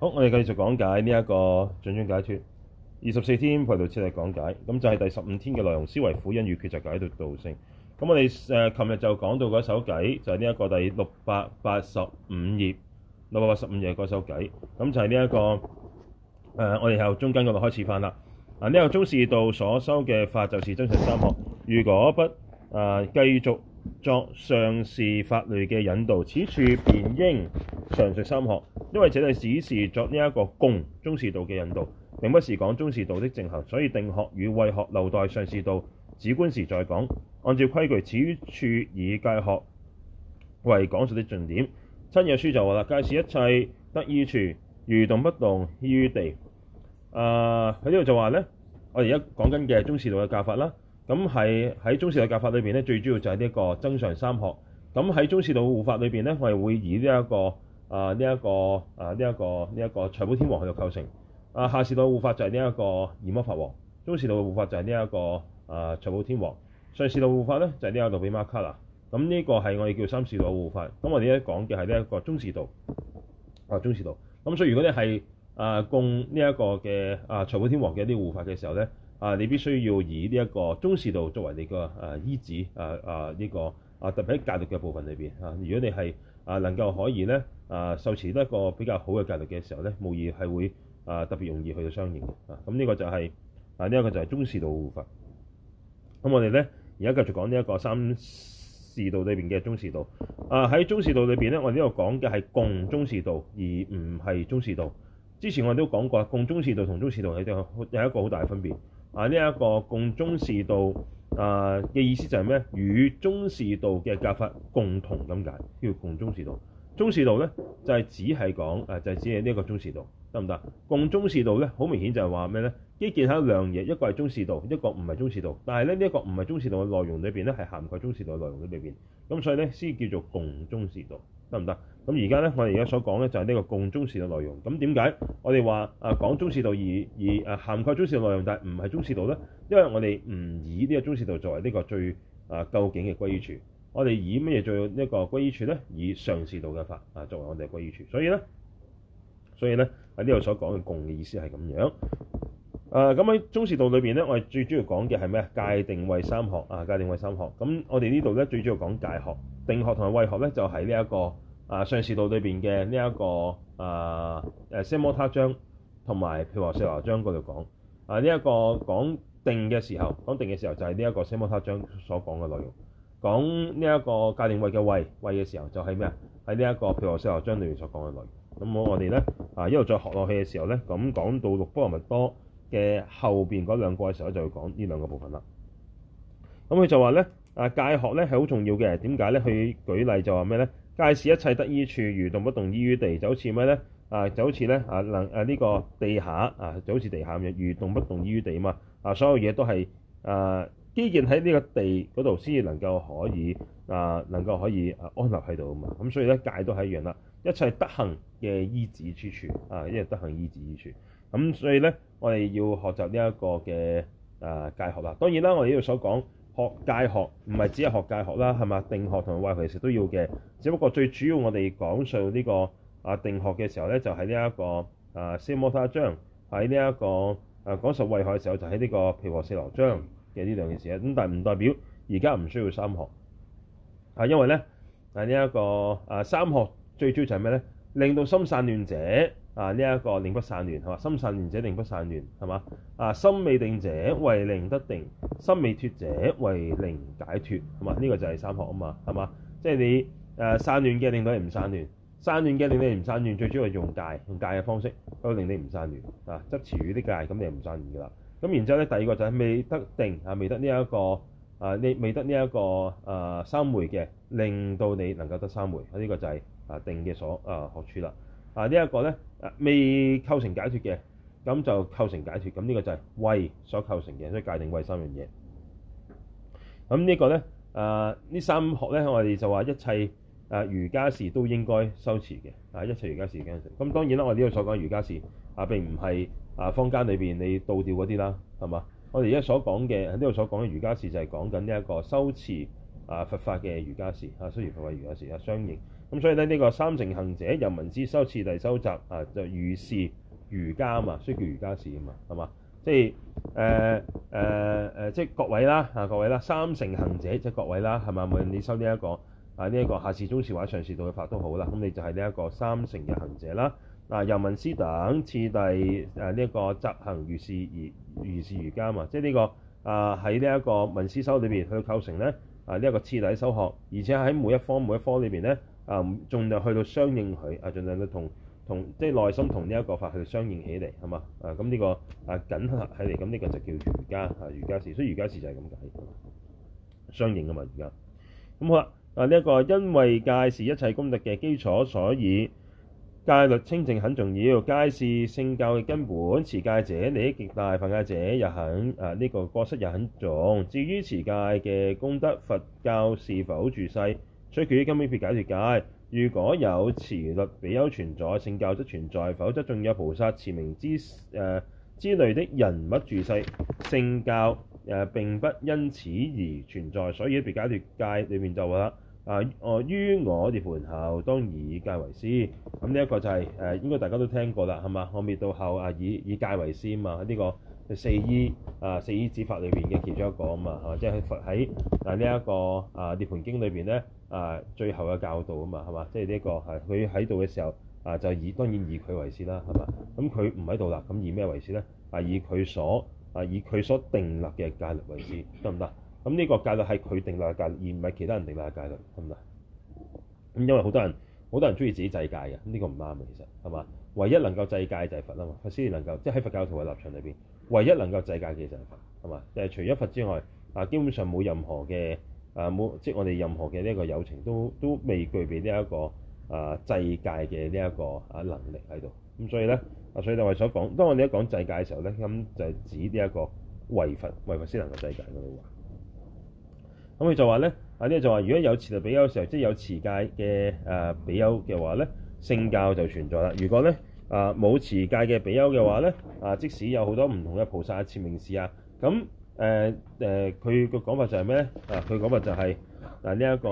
好，我哋繼續講解呢、這、一個盡終解脫，二十四天祈禱冊嘅講解，咁就係第十五天嘅內容，思維苦因與抉擇解脫道性。咁我哋誒，琴、呃、日就講到嗰首偈，就係呢一個第六百八十五頁，六百八十五頁嗰首偈。咁就係呢一個誒、呃，我哋由中間嗰度開始翻啦。啊、呃，呢、這個中士道所修嘅法，就是增上三學。如果不誒、呃、繼續，作上士法類嘅引導，此處便應詳述三學，因為這裡只是作呢一個共中士道嘅引導，並不是講中士道的正行，所以定學與慧學留待上士道止觀時再講。按照規矩，此處以戒學為講述的重點。親友書就話啦，戒是一切德依處，如動不動依於地。啊、呃，喺呢度就話呢我哋而家講緊嘅中士道嘅教法啦。咁係喺中士道教法裏邊咧，最主要就係呢一個增上三學。咁喺中士道護法裏邊咧，我哋會以呢一個、呃這個呃這個、啊呢一、這個啊呢一個呢一個財寶天王去到構成。啊下士道的護法就係呢一個閻摩法王，中士道的護法就係呢一個啊、呃、財寶天王，上士道護法咧就係呢一個比馬卡啦。咁呢個係我哋叫三士道護法。咁我哋而家講嘅係呢一個中士道啊中士道。咁所以如果你係、呃、啊供呢一個嘅啊財寶天王嘅啲護法嘅時候咧。啊！你必須要以呢一個中士道作為你個誒依止啊啊！呢、啊啊這個啊特別喺戒律嘅部分裏邊啊，如果你係啊能夠可以咧啊，受持一個比較好嘅戒律嘅時候咧，無疑係會啊特別容易去到相應嘅啊。咁、這、呢個就係、是、啊呢一、這個就係中士道護法。咁、啊、我哋咧而家繼續講呢一個三士道裏邊嘅中士道。啊。喺中士道裏邊咧，我呢度講嘅係共中士道，而唔係中士道。之前我哋都講過，共中士道同中士道有有一個好大嘅分別。啊！呢一個共中士道啊嘅意思就係咩？與中士道嘅教法共同咁解，叫共中士道。中士道咧就係只係講，誒就係只係呢一個中士道，得唔得？共中士道咧好明顯就係話咩咧？呢件下兩嘢，一個係中士道，一個唔係中士道。但係咧呢一個唔係中士道嘅內容裏面，咧，係涵蓋中士道嘅內容裏面。咁所以咧先叫做共中士道。得唔得？咁而家咧，我哋而家所講咧就係呢個共中士嘅內容。咁點解我哋話啊講中士道，而而啊涵蓋中士嘅內容，但係唔係中士道咧？因為我哋唔以呢個中士道作為呢個最啊究竟嘅歸依處。我哋以乜嘢做呢個歸依處咧？以上士道嘅法啊作為我哋嘅歸依處。所以咧，所以咧喺呢度所講嘅共嘅意思係咁樣。誒咁喺中士道裏面咧，我哋最主要講嘅係咩啊？戒定慧三學啊，戒定慧三學。咁我哋呢度咧最主要講戒學、定學同埋慧學咧，就係呢一個啊上士道裏面嘅呢一個啊誒奢、啊、摩他章同埋毗缽舍那章嗰度講啊呢一、這個講定嘅時候，講定嘅時候就係呢一個奢摩他章所講嘅內容。講呢一個戒定慧嘅慧慧嘅時候就係咩啊？喺呢一個毗缽舍那章裏面所講嘅內容。咁好，我哋咧啊一路再學落去嘅時候咧，咁講到六波羅蜜多。嘅後邊嗰兩個嘅時候就會講呢兩個部分啦。咁佢就話咧，啊戒學咧係好重要嘅。點解咧？佢舉例就話咩咧？戒是一切德依處，如動不動依於地，就好似咩咧？啊，就好似咧啊能啊呢、這個地下啊，就好似地下咁樣，如動不動依於地嘛。啊，所有嘢都係啊基建喺呢個地嗰度先至能夠可以啊能夠可以啊安立喺度啊嘛。咁所以咧戒都係一樣啦。一切德行嘅依止之處啊，一樣德行依止依處。咁所以咧，我哋要學習呢一個嘅啊戒學啦。當然啦，我哋呢度所講學戒學唔係只係學戒學啦，係嘛定學同埋慧學其實都要嘅。只不過最主要我哋講述呢個啊定學嘅時候咧，就喺呢一個啊奢摩他章；喺呢一個啊講述慧學嘅時候，就喺呢個毗婆舍羅章嘅呢兩件事。咁但係唔代表而家唔需要三學，啊、因為咧，呢、啊、一、這個啊三學最主要就係咩咧？令到心散亂者。啊！呢、這、一個令不散亂係嘛？心散亂者令不散亂係嘛？啊！心未定者為令得定，心未脫者為令解脫係嘛？呢、這個就係三學啊嘛係嘛？即係、就是、你誒散亂嘅令到你唔散亂，散亂嘅令你唔散亂，最主要係用戒用戒嘅方式去令你唔散亂啊。則持於啲戒咁你唔散亂㗎啦。咁然之後咧，第二個就係未得定啊，未得呢、這、一個啊，你未得呢、這、一個啊三回嘅令到你能夠得三回、這個、啊，呢個就係啊定嘅所啊學處啦。啊、這個、呢一個咧。未構成解脫嘅，咁就構成解脫。咁呢個就係畏所構成嘅，所以界定為三樣嘢。咁呢個咧，誒、啊、呢三學咧，我哋就話一切誒瑜伽士都應該修持嘅，啊一切瑜伽士應該修。咁當然啦，我哋呢度所講瑜伽士啊並唔係啊坊間裏邊你倒吊嗰啲啦，係嘛？我哋而家所講嘅呢度所講嘅瑜伽士，就係講緊呢一個修持啊佛法嘅瑜伽士。啊，事啊，事啊雖然佛法瑜伽士啊相應。咁所以咧，呢、這個三乘行者，由聞思修次第修集，啊，就如是如家啊嘛，所以叫如家事啊嘛，係嘛？即係誒誒誒，即係各位啦嚇，各位啦，三乘行者即係各位啦，係咪？無論你修呢、這、一個啊，呢、這、一個下士中士或上士道嘅法都好啦，咁你就係呢一個三乘嘅行者啦。嗱，由聞思等次第誒呢一個執行如是而如，如是如家啊嘛，即係、這、呢個啊喺呢一個聞思修裏面，佢構成咧啊呢一、這個次第修學，而且喺每一科每一科裏邊咧。啊，盡量去到相應佢，啊，盡量都同同即係內心同呢一個法去相應起嚟，係嘛？啊，咁呢個啊緊合起嚟，咁、嗯、呢、這個就叫瑜伽。啊，瑜伽士，所以瑜伽士就係咁解，相應啊嘛，而家咁好啦，啊，呢、啊、一、啊這個因為戒是一切功德嘅基礎，所以戒律清淨很重要。戒是聖教嘅根本界，持戒者利益極大，犯戒者又肯，啊，呢、這個過失又很重。至於持戒嘅功德，佛教是否住世？所以取決於根本別解脫戒，如果有持律比丘存在，聖教則存在，否則仲有菩薩慈名、持明之、誒之類的人物住世，聖教誒、呃、並不因此而存在，所以別解脫戒裏面就話。啊！哦，於我涅槃後，當以戒為師。咁呢一個就係、是、誒、呃，應該大家都聽過啦，係嘛？我滅度後啊，以以戒為師啊嘛，呢、這個四依啊、四依止法裏面嘅其中一個啊嘛，係嘛？即係佛喺啊呢一個啊《涅槃經》裏邊咧啊，最後嘅教導啊嘛，係嘛？即係呢個係佢喺度嘅時候啊，就以當然以佢為師啦，係嘛？咁佢唔喺度啦，咁以咩為師咧？啊，以佢所啊，以佢所定立嘅戒律為師，得唔得？咁呢個戒律係佢定立嘅戒律，而唔係其他人定立嘅戒律，係咪？咁因為好多人好多人中意自己制戒嘅，呢、這個唔啱嘅。其實係嘛？唯一能夠制戒就係佛啊嘛，佛先能夠即係喺佛教徒嘅立場裏邊，唯一能夠制戒嘅就係佛係嘛？即係、就係、除咗佛之外，啊，基本上冇任何嘅啊冇即係我哋任何嘅呢一個友情都都未具備呢、這、一個啊制戒嘅呢一個啊能力喺度。咁所以咧啊，所以就話所講，當我哋一講制戒嘅時候咧，咁就係指呢一個唯佛唯佛先能夠制戒嘅喎。咁佢就話咧、啊，啊，即係就話，如果有持律比丘嘅時候，即係有持戒嘅誒比丘嘅話咧，聖教就存在啦。如果咧啊冇持戒嘅比丘嘅話咧，啊即使有好多唔同嘅菩薩嘅持明士啊，咁誒誒，佢個講法就係咩咧？啊，佢、啊、講法就係嗱，呢一個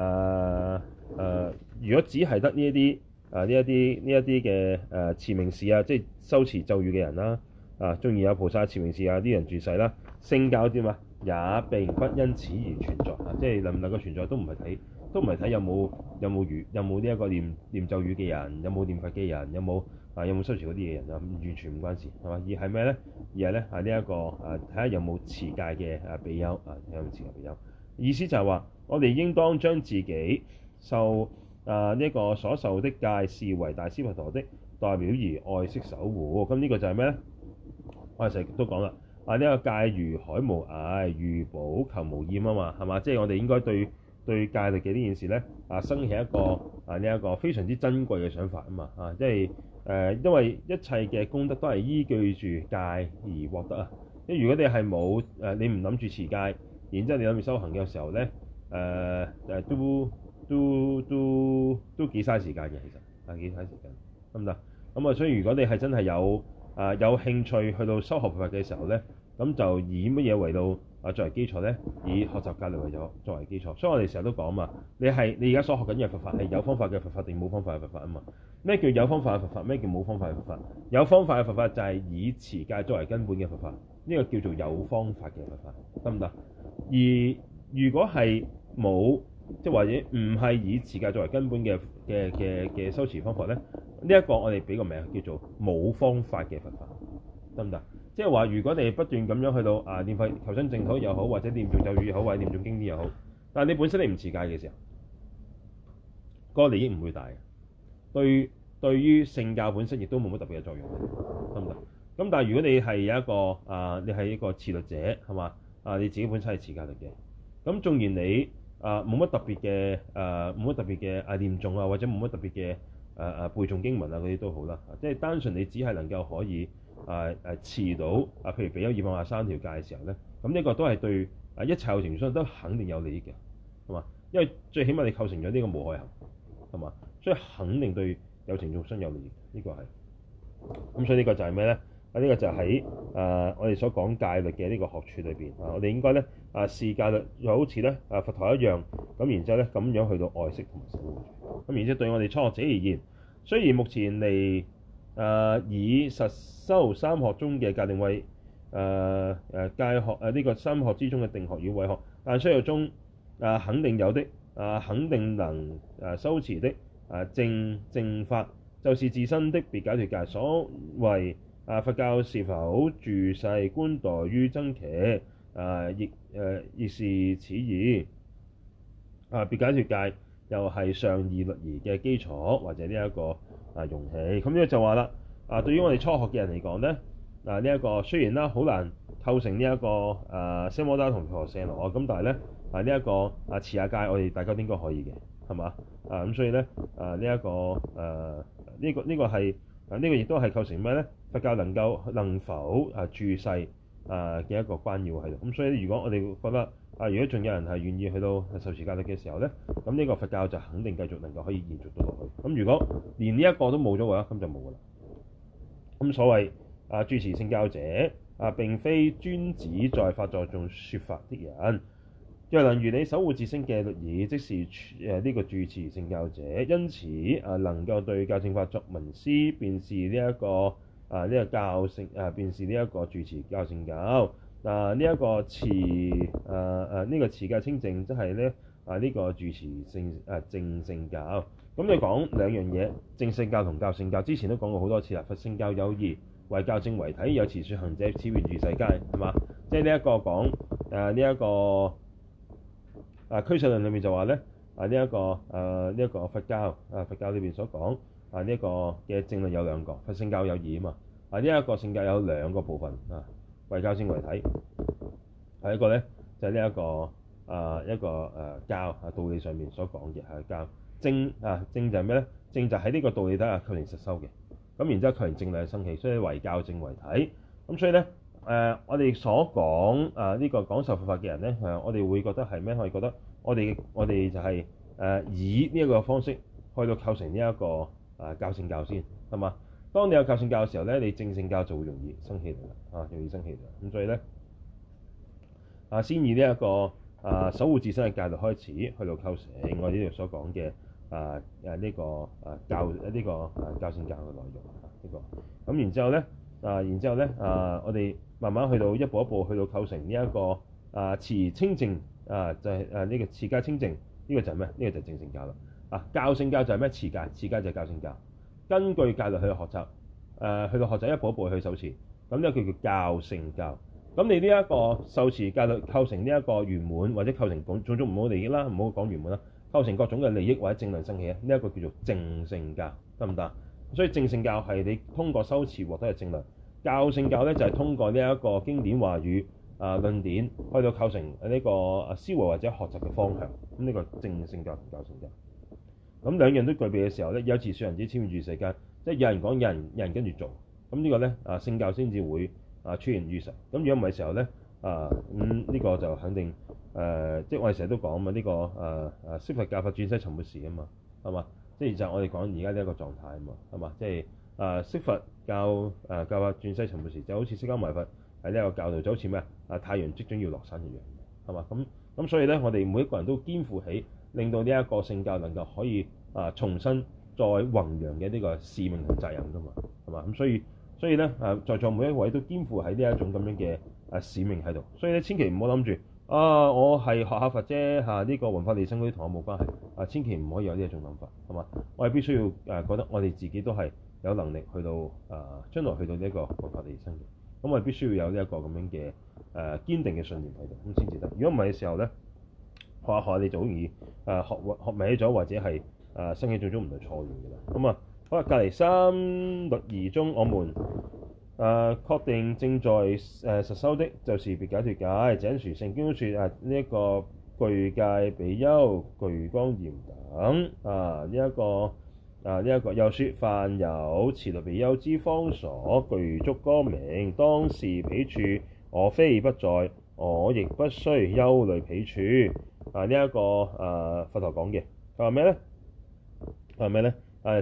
誒誒，如果只係得呢一啲誒呢一啲呢一啲嘅誒持明士啊，即、就、係、是、修持咒語嘅人啦、啊，啊中意有菩薩啊、持明士啊啲人住世啦，聖教啲啊？也並不因此而存在，即係能唔能夠存在都唔係睇，都唔係睇有冇有冇語，有冇呢一個念念咒語嘅人，有冇念佛嘅人，有冇啊有冇修持嗰啲嘅人啊，完全唔關事，係嘛？而係咩咧？而係咧啊呢一個啊，睇下有冇持戒嘅啊，比丘啊，看看有冇持戒比丘。意思就係話，我哋應當將自己受啊呢一、這個所受的戒視為大師佛陀的代表而愛惜守護。咁、啊、呢、嗯這個就係咩咧？我哋成日都講啦。啊呢一、這個、戒如海無涯，如寶求無厭啊嘛，係嘛？即係我哋應該對對戒律嘅呢件事咧，啊生起一個啊呢一個非常之珍貴嘅想法啊嘛！啊，即係誒、呃，因為一切嘅功德都係依據住戒而獲得啊！即係如果你係冇誒，你唔諗住持戒，然之後你諗住修行嘅時候咧，誒、呃、誒都都都都幾嘥時間嘅，其實啊幾嘥時間得唔得？咁啊，所以如果你係真係有啊有興趣去到修學佛法嘅時候咧，咁就以乜嘢為到啊，作為基礎呢？以學習戒律為作作為基礎。所以我哋成日都講嘛，你係你而家所學緊嘅佛法係有方法嘅佛法定冇方法嘅佛法啊嘛？咩叫有方法嘅佛法？咩叫冇方法嘅佛法？有方法嘅佛法就係以持戒作為根本嘅佛法，呢、呢個叫做有方法嘅佛法，得唔得？而如果係冇即係或者唔係以持戒作為根本嘅嘅嘅嘅修持方法呢，呢、呢、一個我哋俾個名叫做冇方法嘅佛法，得唔得？即係話，如果你不斷咁樣去到啊，念佛求生淨土又好，或者念誦咒語又好，或者念誦經典又好，但係你本身你唔持戒嘅時候，個利益唔會大嘅。對對於聖教本身亦都冇乜特別嘅作用，得唔得？咁但係如果你係有一個啊，你係一個持律者係嘛啊，你自己本身係持戒律嘅。咁縱然你啊冇乜特別嘅誒，冇乜特別嘅啊念誦啊，或者冇乜特別嘅誒誒背誦經文啊嗰啲都好啦，啊。即係單純你只係能夠可以。啊啊遲到啊！譬如俾咗二萬或三條戒嘅時候咧，咁呢個都係對啊一切有情眾生都肯定有利益嘅，係嘛？因為最起碼你構成咗呢個無害行，係嘛？所以肯定對有情眾生有利益的，呢、呢個係。咁所以呢個就係咩咧？啊呢個就喺啊我哋所講的戒律嘅呢個學處裏邊啊，我哋應該咧啊視戒律，就好似咧啊佛陀一樣，咁然之後咧咁樣去到愛惜同埋護持。咁然之後對我哋初學者而言，雖然目前嚟。啊！以實修三學中嘅戒定慧，誒誒戒學誒呢、啊這個三學之中嘅定學與慧學，但、啊、需要中啊肯定有的，啊肯定能誒修、啊、持的，誒、啊、證正法就是自身的別解脫戒，所謂啊佛教是否住世觀待於僧伽，啊亦誒亦是此意啊別解脫戒又係上二律儀嘅基礎，或者呢、這、一個。啊，容器咁呢個就話啦。啊，對於我哋初學嘅人嚟講咧，呢、啊、一、這個雖然啦好難構成呢、這、一個啊奢摩他同配合聲咁，但係咧啊呢一、這個啊次下界，我哋大家應該可以嘅係嘛？啊咁，所以咧啊呢一、這個啊呢、這個呢、這個係啊呢、這個亦都係構成咩咧佛教能夠能否啊住世啊嘅一個關要喺咁、啊、所以如果我哋覺得，啊！如果仲有人係願意去到受持戒律嘅時候咧，咁呢個佛教就肯定繼續能夠可以延續到落去。咁如果連呢一個都冇咗嘅話，咁就冇噶啦。咁所謂啊，住持聖教者啊，並非專指在法座上説法的人，若能如理守護自身嘅律儀，即是誒呢、啊這個住持聖教者。因此啊，能夠對教正法作聞思，便是呢、這、一個啊呢、這個教聖啊，便是呢一個住持教聖教。啊！呢一、呃這個持，誒誒呢個教清淨，即係咧啊呢、呃這個住持性、呃嗯，證聖教。咁你講兩樣嘢，證聖教同教聖教。之前都講過好多次啦。佛聖教有二，為教正為體，有持説行者，此為如世間」。係嘛？即係呢一個講誒呢一個誒俱舍論裏面就話咧，啊呢一呢一個佛教，啊、呃、佛教裏面所講啊呢一個嘅正論有兩個，佛聖教有二啊嘛。啊呢一個聖教有兩個部分啊。呃為教正為體，係一個咧，就係、是、呢、這個呃、一個啊一個教啊道理上面所講嘅係教正。啊正就係咩咧？正就喺呢個道理底下構成實修嘅。咁然之後構成正量生起，所以為教正為體。咁所以咧、呃、我哋所講啊呢個講受佛法嘅人咧、呃、我哋會覺得係咩？我哋覺得我哋我哋就係、是呃、以呢一個方式去到構成呢、這、一個、啊、教正教先嘛。當你有教聖教嘅時候咧，你證聖教就會容易生氣啦，啊，容易生氣啦。咁、啊、所以咧，啊先以呢、這、一個啊守護自身嘅戒律開始，去到構成我呢度所講嘅啊誒呢、這個啊教一呢、這個、啊教聖教嘅內容呢個。咁然之後咧，啊然之後咧，啊，啊，啊，啊，啊，啊我哋慢慢去到一步一步去到構成呢、這、一個啊持清淨啊就係誒呢個持戒清淨，呢、啊就是啊這個就係咩？呢、這個就係證聖教啦。啊教聖教就係咩？持戒，持戒就係教聖教。根據戒律去學習，誒去到學習一步一步去修持，咁呢一個叫做教聖教。咁你呢一個受持戒律構成呢一個圓滿，或者構成講種種唔好利益啦，唔好講圓滿啦，構成各種嘅利益或者正論生起，呢、這、一個叫做證聖教，得唔得？所以證聖教係你通過修持獲得嘅正論，教聖教咧就係、是、通過呢一個經典話語啊、呃、論點，去到構成呢個思維或者學習嘅方向，咁呢個證聖教同教聖教。咁兩樣都具備嘅時候咧，有一次善人子籤住世間，即係有人講，有人有人跟住做，咁呢個咧啊聖教先至會啊出現於世。咁如果唔係時候咧啊，咁、嗯、呢、這個就肯定誒、啊，即係我哋成日都講嘛，呢、這個誒誒釋佛教法轉世沉沒時啊嘛，係嘛，即係就係、我哋講而家呢一個狀態啊嘛，係嘛，即係誒釋佛教誒、啊、教法轉世沉沒時就好似釋迦牟尼佛喺呢個教導，就好似咩啊太陽即將要落山一樣，係嘛，咁咁所以咧，我哋每一個人都肩負起。令到呢一個聖教能夠可以啊重新再弘揚嘅呢個使命同責任㗎嘛，係嘛？咁所以所以咧啊，在座每一位都肩負喺呢一種咁樣嘅啊使命喺度，所以咧千祈唔好諗住啊，我係學下佛啫嚇，呢、啊這個文化地生嗰啲同我冇關係啊，千祈唔可以有呢一種諗法，係嘛？我係必須要誒、啊、覺得我哋自己都係有能力去到啊將來去到呢一個弘法利生嘅，咁、啊、我係必須要有呢一個咁樣嘅誒、啊、堅定嘅信念喺度，咁先至得。如果唔係嘅時候咧。學學你早已容易誒學咗，或者係誒生氣中中唔耐錯完嘅啦。咁啊，了好啦，隔離三律儀中，我們誒、啊、確定正在誒、啊、實修的就是別解脫戒井殊性，經中說啊呢一、這個具戒比、比丘具光焰等啊呢一、這個啊呢一、這個、又說凡有持律比丘之方所具足光明，當視彼處我非不在。我亦不需憂慮彼處。啊，呢一個啊佛陀講嘅，佢話咩咧？佢話咩咧？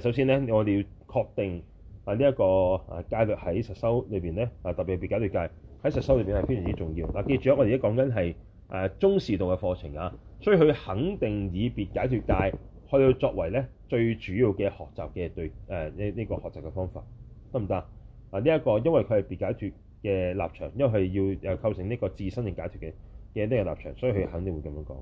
首先咧，我哋要確定啊，呢一個啊戒律喺實修裏面咧，啊特別別解脫戒喺實修裏面係非常之重要。嗱、啊，記住我哋而家講緊係誒中士道嘅課程啊，所以佢肯定以別解脫戒去作為咧最主要嘅學習嘅對誒呢呢個學習嘅方法，得唔得啊？呢一個因為佢係別解脫。嘅立場，因為係要又構成呢個自身嘅解脫嘅嘢，都有立場，所以佢肯定會咁樣講，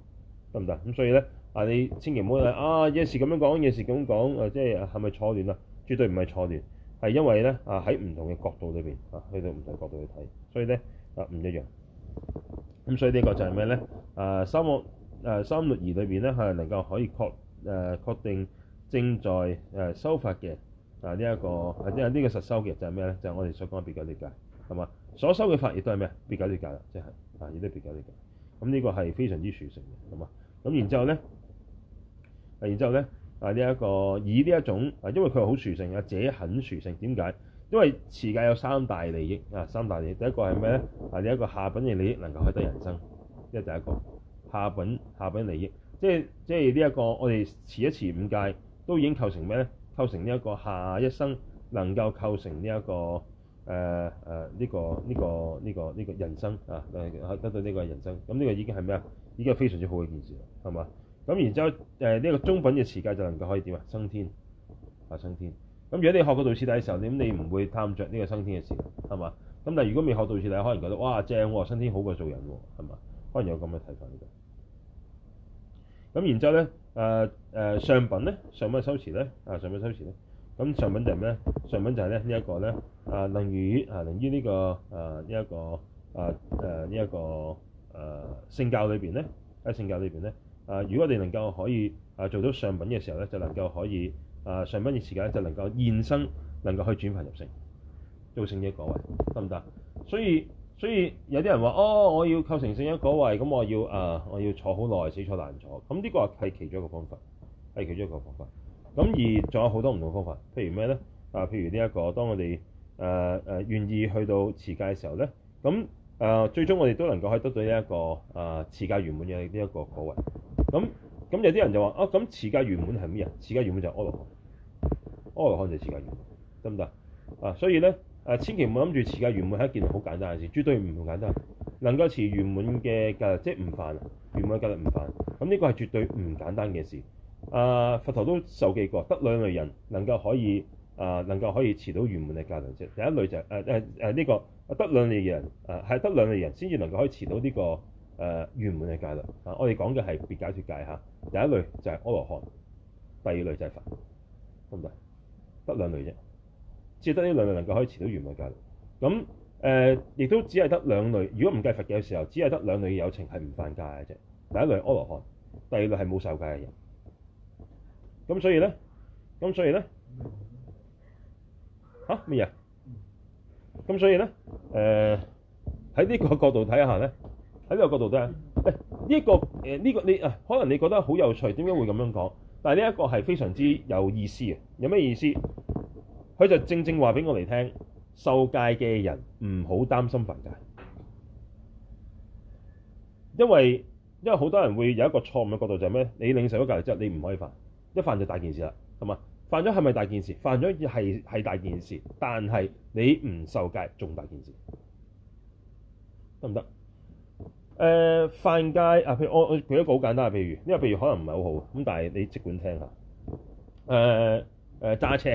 得唔得？咁所以咧，啊你千祈唔好係啊，一時咁樣講，一時咁講，啊即係係咪錯亂啦？絕對唔係錯亂，係因為咧啊喺唔同嘅角度裏邊啊，去到唔同角度去睇，所以咧啊唔一樣。咁所以呢一個就係咩咧？啊三惡啊三律儀裏邊咧係能夠可以確誒、啊、確定正在誒修、啊、法嘅啊呢一、這個即係呢個實修嘅就係咩咧？就係、是、我哋所講嘅別解脫。係嘛？所修嘅法亦都係咩？別解脫戒啦，即係啊，亦都別解脫戒。咁呢個係非常之殊勝嘅，咁啊，咁然之後咧，啊，然之後咧，啊呢一個以呢一種啊，因為佢係好殊勝嘅，者很殊勝。點解？因為持戒有三大利益啊，三大利益。第一個係咩咧？啊，呢一個下品嘅利益能夠開得人生，即係第一個下品下品利益。即係即係呢一個，我哋持一持五戒都已經構成咩咧？構成呢一個下一生能夠構成呢一個。誒誒呢個呢、這個呢、這個呢個人生啊，得到呢個人生，咁、啊、呢個、個已經係咩啊？已經係非常之好嘅一件事，係嘛？咁然之後呢、呃這個中品嘅時間就能夠可以點啊？升天啊升天！咁如果你學到到此地嘅時候，咁你唔會探着呢個升天嘅事，係嘛？咁但係如果未學到此地，可能覺得哇正升、哦、天好過做人喎、哦，係嘛？可能有咁嘅睇法嘅、這個。咁然之後咧上品咧，上品、呢上品收詞咧啊，上品收詞咧。咁上品就係咩？上品就係咧呢一個咧啊、這個，例如啊，例如呢個啊呢一個啊誒呢一個誒聖教裏邊咧喺聖教裏邊咧啊，如果你能夠可以啊做到上品嘅時候咧，就能夠可以啊、呃、上品嘅時間就能夠現身，能夠去以轉凡入聖，做聖者果位得唔得？所以所以有啲人話哦，我要構成聖者果位，咁我要啊、呃、我要坐好耐死坐難坐，咁呢個係其中一個方法，係其中一個方法。咁而仲有好多唔同方法，譬如咩咧？啊，譬如呢、這、一個，當我哋誒誒願意去到持戒嘅時候咧，咁誒、呃、最終我哋都能夠可以得到呢、這、一個誒持戒圓滿嘅呢一個果位。咁咁有啲人就話：啊，咁持戒圓滿係咩啊？持戒圓滿就係阿羅漢，阿羅漢就係持戒圓滿，得唔得啊？所以咧誒、啊，千祈唔好諗住持戒圓滿係一件好簡單嘅事，絕對唔簡單。能夠持圓滿嘅戒律，即係唔犯啊，圓滿嘅戒律唔犯。咁呢個係絕對唔簡單嘅事。啊、呃！佛陀都受記過，得兩類人能夠可以啊、呃，能夠可以持到圓滿嘅戒律啫。第一類就係誒誒誒呢個得兩類人啊，係、呃、得兩類人先至能夠可以持到呢、這個誒、呃、圓滿嘅戒律啊。我哋講嘅係別解脫戒嚇，第一類就係阿羅漢，第二類就係佛，得唔得？得兩類啫，只係得呢兩類能夠可以持到圓滿嘅戒律。咁誒，亦、呃、都只係得兩類。如果唔計佛嘅時候，只係得兩類嘅友情係唔犯戒嘅啫。第一類阿羅漢，第二類係冇受戒嘅人。咁所以咧，咁所以咧，吓，乜嘢？咁所以咧，誒喺呢個角度睇下咧，喺呢個角度睇下，誒呢一個呢、呃呢個你啊，可能你覺得好有趣，點解會咁樣講？但係呢一個係非常之有意思嘅，有咩意思？佢就正正話俾我哋聽，受戒嘅人唔好擔心犯戒，因為因為好多人會有一個錯誤嘅角度，就係咩？你領受咗戒律之後，你唔可以犯。一犯就大件事啦，係嘛？犯咗係咪大件事？犯咗係係大件事，但係你唔受戒仲大件事，得唔得？誒、呃、犯戒啊，譬如我我舉一個好簡單嘅，譬如因為譬如可能唔係好好咁，但係你即管聽下。誒誒揸車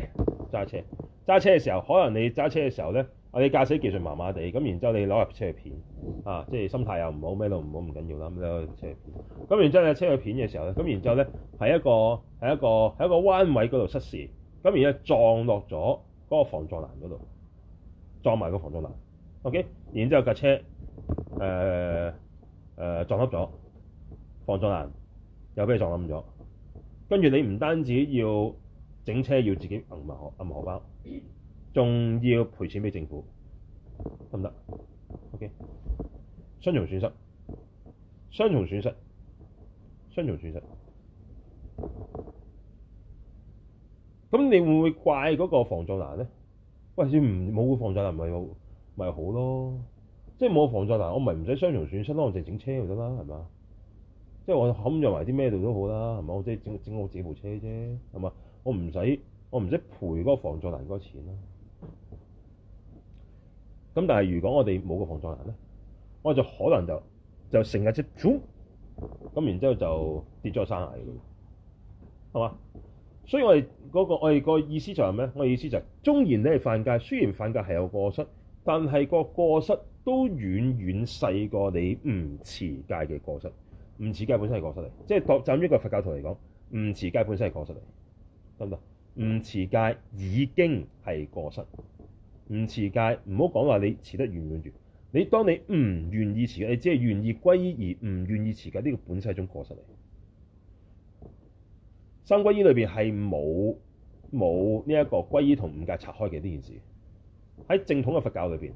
揸車揸車嘅時候，可能你揸車嘅時候咧。我哋駕駛技術麻麻地，咁然之後你攞入車去片，啊，即係心態又唔好，咩都唔好，唔緊要啦咁樣車去片。咁然之後你車去片嘅時候咧，咁然之後咧喺一個喺一個喺一個彎位嗰度失事，咁然之後撞落咗嗰個防撞欄嗰度，撞埋個防撞欄。OK，然之後架車誒、呃呃、撞凹咗防撞欄，又俾你撞冧咗。跟住你唔單止要整車，要自己揞埋揞荷包。仲要賠錢俾政府得唔得？OK，雙重損失，雙重損失，雙重損失。咁你會唔會怪嗰個防撞欄咧？喂，先唔冇個防撞欄咪好咪好咯，即係冇個防撞欄，我咪唔使雙重損失咯。我淨係整車就得啦，係嘛？即係我冚著埋啲咩度都好啦，係嘛？我即係整整好自己部車啫，係嘛？我唔使我唔使賠嗰個防撞欄嗰錢啦。咁但係如果我哋冇個防撞欄咧，我就可能就就成日只損，咁然之後就跌咗生涯了，山崖嘅，係嘛？所以我哋嗰、那個我哋個意思就係咩？我嘅意思就係、是，縱然你係犯戒，雖然犯戒係有過失，但係個過失都遠遠細過你唔持戒嘅過失。唔持戒本身係過失嚟，即係當就咁、是、一個佛教徒嚟講，唔持戒本身係過失嚟，得唔得？唔持戒已經係過失。唔持戒，唔好講話你持得完唔完。你當你唔願意持，你只係願意歸依而唔願意持戒，呢個本身係一種過失嚟。三歸依裏邊係冇冇呢一個歸依同五戒拆開嘅呢件事。喺正統嘅佛教裏邊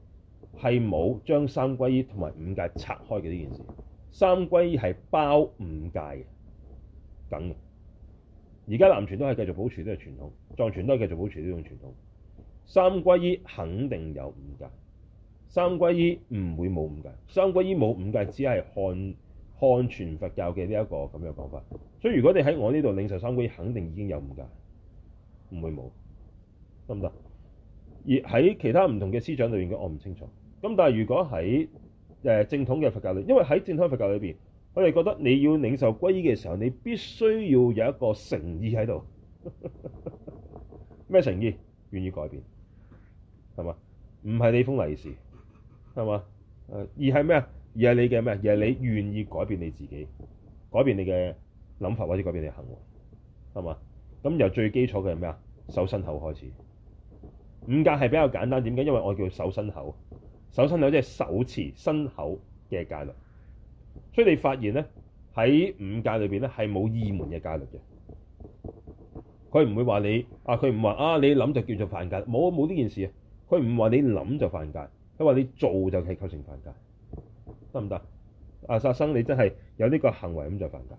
係冇將三歸依同埋五戒拆開嘅呢件事。三歸依係包五戒嘅緊。而家南傳都係繼續保持呢個傳統，藏傳都係繼續保持呢種傳統。三歸依肯定有五戒，三歸依唔會冇五戒。三歸依冇五戒，只係漢漢傳佛教嘅呢一個咁樣講法。所以如果你喺我呢度領受三歸，肯定已經有五戒，唔會冇，得唔得？而喺其他唔同嘅思想裏面，我唔清楚。咁但係如果喺誒正統嘅佛教裏，因為喺正統佛教裏邊，我哋覺得你要領受歸依嘅時候，你必須要有一個誠意喺度。咩 誠意？願意改變。係嘛？唔係你封利是係嘛？誒，而係咩啊？而係你嘅咩？而係你願意改變你自己，改變你嘅諗法，或者改變你嘅行為，係嘛？咁由最基礎嘅係咩啊？守身口開始，五戒係比較簡單，點解？因為我叫守身口，守身口即係手持身口嘅戒律。所以你發現咧喺五戒裏邊咧係冇意門嘅戒律嘅。佢唔會話你啊，佢唔話啊，你諗就叫做犯戒，冇冇呢件事啊？佢唔話你諗就犯戒，佢話你做就係構成犯戒，得唔得？阿、啊、殺生你真係有呢個行為咁就犯戒，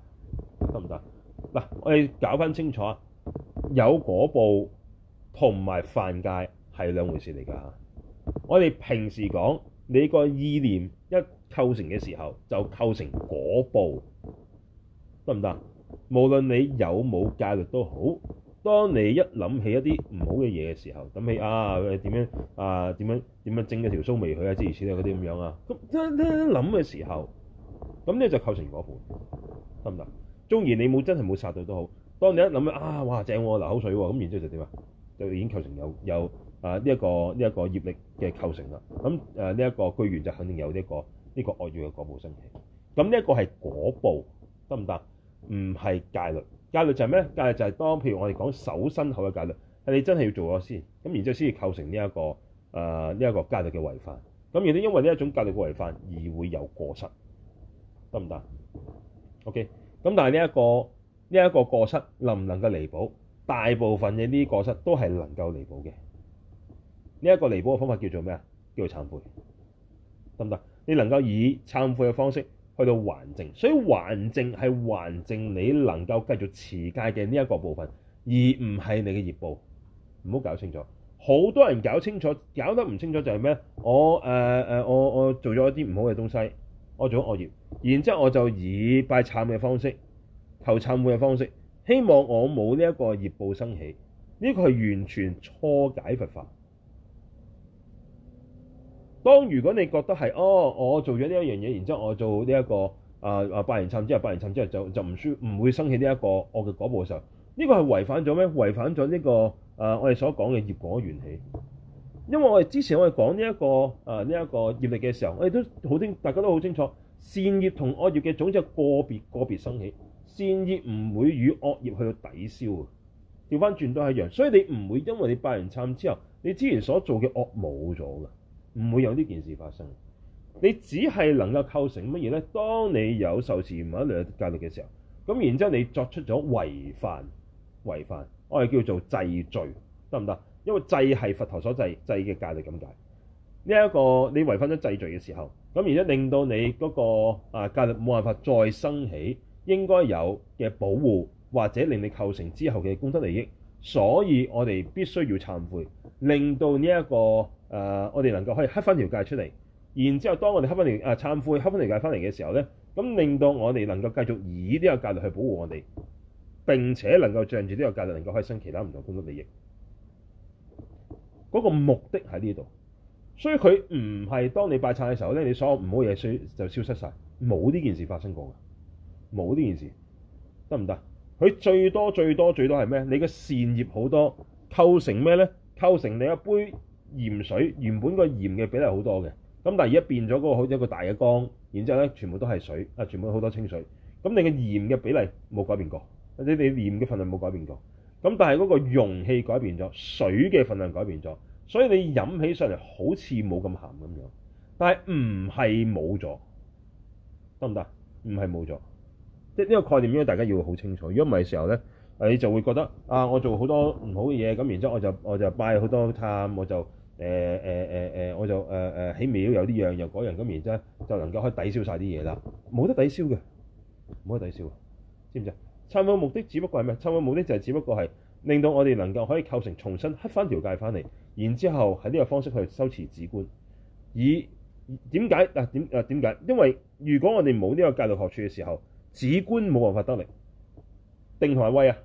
得唔得？嗱，我哋搞翻清楚，有果報同埋犯戒係兩回事嚟㗎嚇。我哋平時講，你個意念一構成嘅時候，就構成果報，得唔得？無論你有冇戒律都好。當你一諗起一啲唔好嘅嘢嘅時候，諗起啊，點樣啊，點樣整咗條蘇眉佢啊，諸如此類嗰啲咁樣啊，咁聽聽諗嘅時候，咁咧就構成果步，得唔得？縱然你冇真係冇殺到都好，當你一諗起啊，哇正喎、啊、流口水喎、啊，咁然之後就點啊，就已經構成有有啊呢一個呢一個業力嘅構成啦。咁誒呢一個居原就肯定有呢個呢個惡業嘅果報升起。咁呢一個係果報，得唔得？唔係戒律。戒律就係咩咧？戒律就係當譬如我哋講手身後嘅戒律，係你真係要做咗先，咁然之後先至構成呢、這、一個誒呢一個戒律嘅違犯。咁然之後因為呢一種戒律嘅違犯而會有過失，得唔得？OK、這個。咁但係呢一個呢一個過失能唔能夠彌補？大部分嘅呢啲過失都係能夠彌補嘅。呢、這、一個彌補嘅方法叫做咩啊？叫做懺悔，得唔得？你能夠以懺悔嘅方式。去到還淨，所以還淨係還淨，你能夠繼續持戒嘅呢一個部分，而唔係你嘅業報。唔好搞清楚，好多人搞清楚，搞得唔清楚就係咩？我誒、呃、我我做咗一啲唔好嘅東西，我做咗惡業，然之後我就以拜懺嘅方式，求懺悔嘅方式，希望我冇呢一個業報生起。呢、這個係完全錯解佛法。當如果你覺得係哦，我做咗呢一樣嘢，然之後我做呢一個啊啊百人撐之後，八人撐之後就就唔舒唔會生起呢一個惡果報我嘅嗰步嘅時候，呢個係違反咗咩？違反咗呢個誒我哋所講嘅業果緣起。因為我哋之前我哋講呢一個誒呢一個業力嘅時候，我哋都好清，大家都好清楚善業同惡業嘅種子係個別個別生起，善業唔會與惡業去到抵消嘅。調翻轉都係一樣，所以你唔會因為你八人撐之後，你之前所做嘅惡冇咗嘅。唔會有呢件事發生。你只係能夠構成乜嘢呢？當你有受持某一類嘅戒律嘅時候，咁然之後你作出咗違犯，違犯我哋叫做制罪，得唔得？因為制係佛陀所制，制嘅戒律咁解。呢一個你違犯咗制罪嘅時候，咁而家令到你嗰個啊戒律冇辦法再生起應該有嘅保護，或者令你構成之後嘅功德利益。所以我哋必須要懺悔，令到呢一個。誒，uh, 我哋能夠可以吸翻條戒出嚟，然之後當我哋吸翻條啊，懺悔吸翻條戒翻嚟嘅時候咧，咁令到我哋能夠繼續以呢個戒嚟去保護我哋，並且能夠仗住呢個戒嚟能夠以生其他唔同功德利益。嗰、那個目的喺呢度，所以佢唔係當你拜懺嘅時候咧，你所有唔好嘢衰就消失晒，冇呢件事發生過噶，冇呢件事得唔得？佢最多最多最多係咩？你嘅善業好多，構成咩咧？構成你一杯。鹽水，原本個鹽嘅比例好多嘅，咁但係而家變咗嗰個好似一個大嘅缸，然之後咧，全部都係水啊，全部好多清水。咁你嘅鹽嘅比例冇改變過，或者你鹽嘅份量冇改變過。咁但係嗰個容器改變咗，水嘅份量改變咗，所以你飲起上嚟好似冇咁鹹咁樣，但係唔係冇咗，得唔得？唔係冇咗，即係呢個概念，應該大家要好清楚。如果唔係時候咧，你就會覺得啊，我做好多唔好嘅嘢，咁然之後我就我就拜好多 time，我就。誒誒誒誒，我就誒誒、呃、起秒有啲樣，又嗰樣咁，然之後就能夠可以抵消晒啲嘢啦，冇得抵消嘅，冇得抵消，知唔知啊？參觀目的只不過係咩？參觀目的就只不過係令到我哋能夠可以構成重新刻翻條界翻嚟，然之後喺呢個方式去修持止觀。以點解嗱點嗱點解？因為如果我哋冇呢個戒律學處嘅時候，止觀冇辦法得嚟定同慧啊，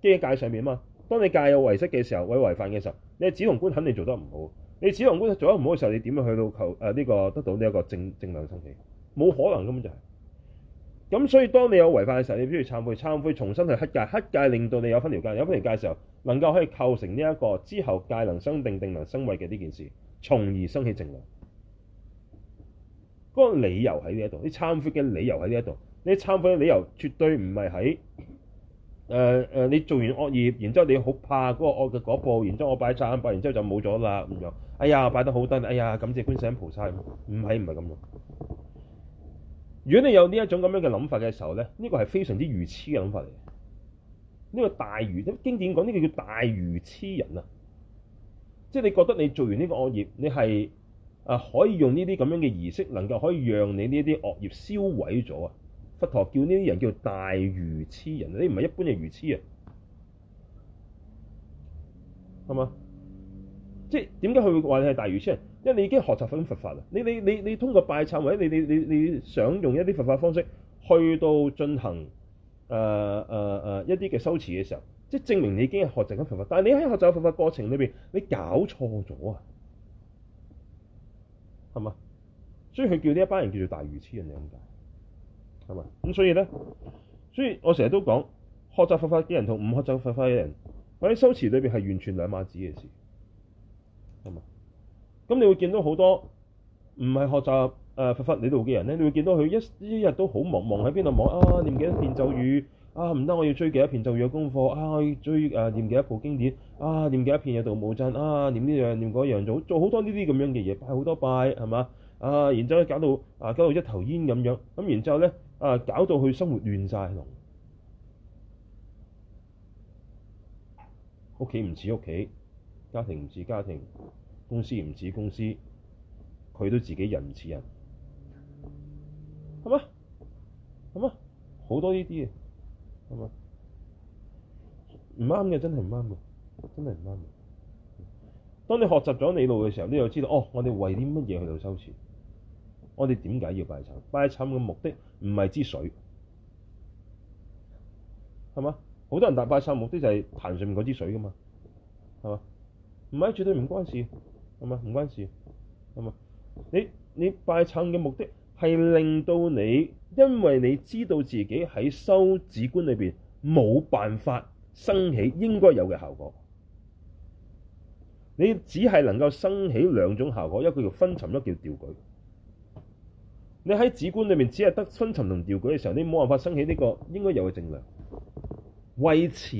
基於戒上面啊嘛。當你戒有違失嘅時候，威違犯嘅時候。你指控官肯定做得唔好，你指控官做得唔好嘅時候，你點樣去到求誒呢個得到呢一個正正量升起？冇可能根本就係。咁所以當你有違法嘅時候，你必須懺悔、懺悔，重新去乞戒，乞戒令到你有分條界，有分條界嘅時候，能夠可以構成呢、這、一個之後戒能生定，定能生慧嘅呢件事，從而升起正量。嗰個理由喺呢一度，你懺悔嘅理由喺呢一度，你懺悔嘅理、理由絕對唔係喺。誒誒、呃，你做完惡業，然之後你好怕嗰個惡嘅嗰步，然之後我擺啲贊擺完之後就冇咗啦咁樣。哎呀，拜得好低。哎呀，感謝觀世音菩薩。唔係唔係咁咯。如果你有呢一種咁樣嘅諗法嘅時候咧，呢、這個係非常之愚痴嘅諗法嚟嘅。呢、這個大愚，經典講呢、這個叫大愚痴人啊。即係你覺得你做完呢個惡業，你係啊可以用呢啲咁樣嘅儀式，能夠可以讓你呢啲惡業消毀咗啊？佛陀叫呢啲人叫大愚痴人，你唔係一般嘅愚痴人，係嘛？即係點解佢會話你係大愚痴人？因為你已經學習緊佛，佛法啊！你你你你通過拜懺或者你你你你，你想用一啲佛法方式去到進行誒誒誒一啲嘅修持嘅時候，即係證明你已經係學習緊佛法。但係你喺學習佛法過程裏邊，你搞錯咗啊，係嘛？所以佢叫呢一班人叫做大愚痴人，你明唔咁所以咧，所以我成日都講學習佛法嘅人同唔學習佛法嘅人喺修持裏邊係完全兩碼子嘅事，係嘛？咁你會見到好多唔係學習誒佛法理度嘅人咧，你會見到佢一一日都好忙，忙喺邊度忙啊？唸幾多片咒語啊？唔得，我要追幾多片咒語嘅功課啊！我要追誒唸、啊、幾多部經典啊？唸幾多片有道無盡啊？唸呢樣念嗰、這、樣、個那個、做做好多呢啲咁樣嘅嘢，拜好多拜係嘛？啊，然之後搞到啊，搞到一頭煙咁樣，咁然之後咧。啊！搞到佢生活亂晒龍，屋企唔似屋企，家庭唔似家庭，公司唔似公司，佢都自己人唔似人，係咪？係咪？好多呢啲嘢，係咪？唔啱嘅，真係唔啱嘅，真係唔啱嘅。當你學習咗理路嘅時候，你就知道，哦，我哋為啲乜嘢去到收錢？我哋點解要拜懺？拜懺嘅目的唔係支水，係嘛？好多人打拜懺，目的就係壇上面嗰支水噶嘛，係嘛？唔係絕對唔關事，係嘛？唔關事，係嘛？你你拜懺嘅目的係令到你，因為你知道自己喺修止觀裏邊冇辦法生起應該有嘅效果。你只係能夠生起兩種效果，一個叫昏沉，一個叫掉舉。你喺止觀裏面只係得分層同調舉嘅時候，你冇辦法升起呢個應該有嘅正量。為此，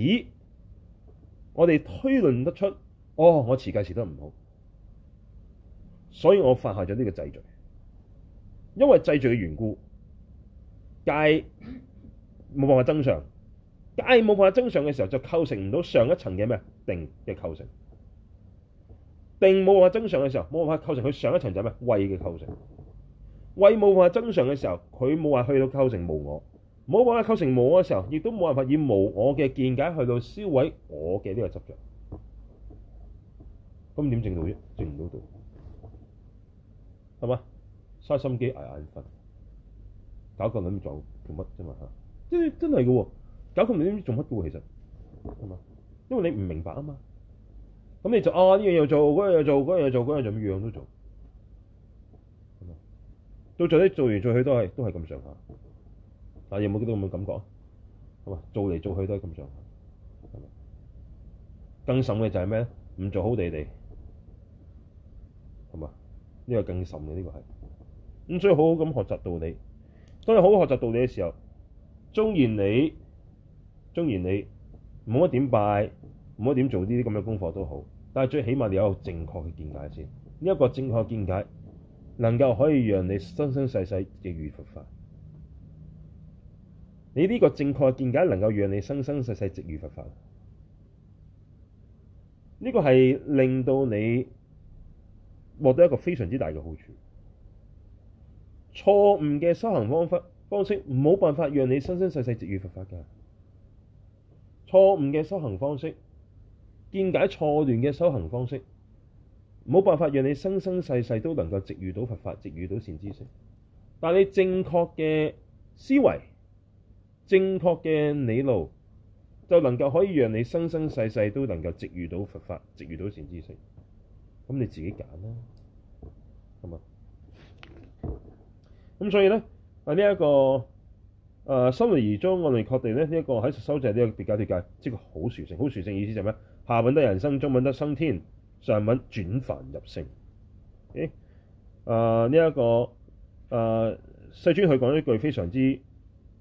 我哋推論得出：哦，我持戒持得唔好，所以我犯下咗呢個制罪。因為制罪嘅緣故，戒冇辦法增上，戒冇辦法增上嘅時候，就構成唔到上一層嘅咩定嘅構成。定冇辦法增上嘅時候，冇辦法構成佢上一層就係咩慧嘅構成。為冇話真相嘅時候，佢冇話去到構成無我，冇話構成無我嘅時候，亦都冇辦法以無我嘅見解去到銷毀我嘅呢個執着。咁點證到啫？證唔到到，係咪？嘥心機捱眼瞓，搞咁亂撞做乜啫嘛？吓！真係嘅喎，搞咁亂撞做乜嘅喎？其實，係咪？因為你唔明白啊嘛，咁你就啊呢樣又做，嗰樣又做，嗰樣又做，嗰樣就樣都做。做最啲，做完做去都係都係咁上下。但係有冇到咁嘅感覺？做嚟做去都係咁上下，更甚嘅就係咩咧？唔做好地地，係呢、呢個是更甚嘅，呢、這個係。所以好好咁學習道理。當你好好學習道理嘅時候，縱然你，縱然你冇一點拜，冇一點做呢啲咁嘅功課都好，但係最起碼你有正確嘅見解先。呢一個正確嘅見解。這個正確的見解能夠可以讓你生生世世直遇佛法，你呢個正確嘅見解能夠讓你生生世世直遇佛法。呢個係令到你獲得一個非常之大嘅好處。錯誤嘅修行方法方式，冇辦法讓你生生世世直遇佛法㗎。錯誤嘅修行方式，見解錯亂嘅修行方式。冇辦法讓你生生世世都能夠直遇到佛法、直遇到善知識，但你正確嘅思維、正確嘅理路，就能夠可以讓你生生世世都能夠直遇到佛法、直遇到善知識。咁你自己揀啦，係嘛？咁所以咧喺呢一、啊這個誒、啊、三律儀中，我哋確定咧呢一、這個喺修習呢個別解脫戒，即係好殊勝、好殊勝。意思就係咩？下品得人生，中品得生天。上文轉凡入聖，誒呢一個啊世尊佢講一句非常之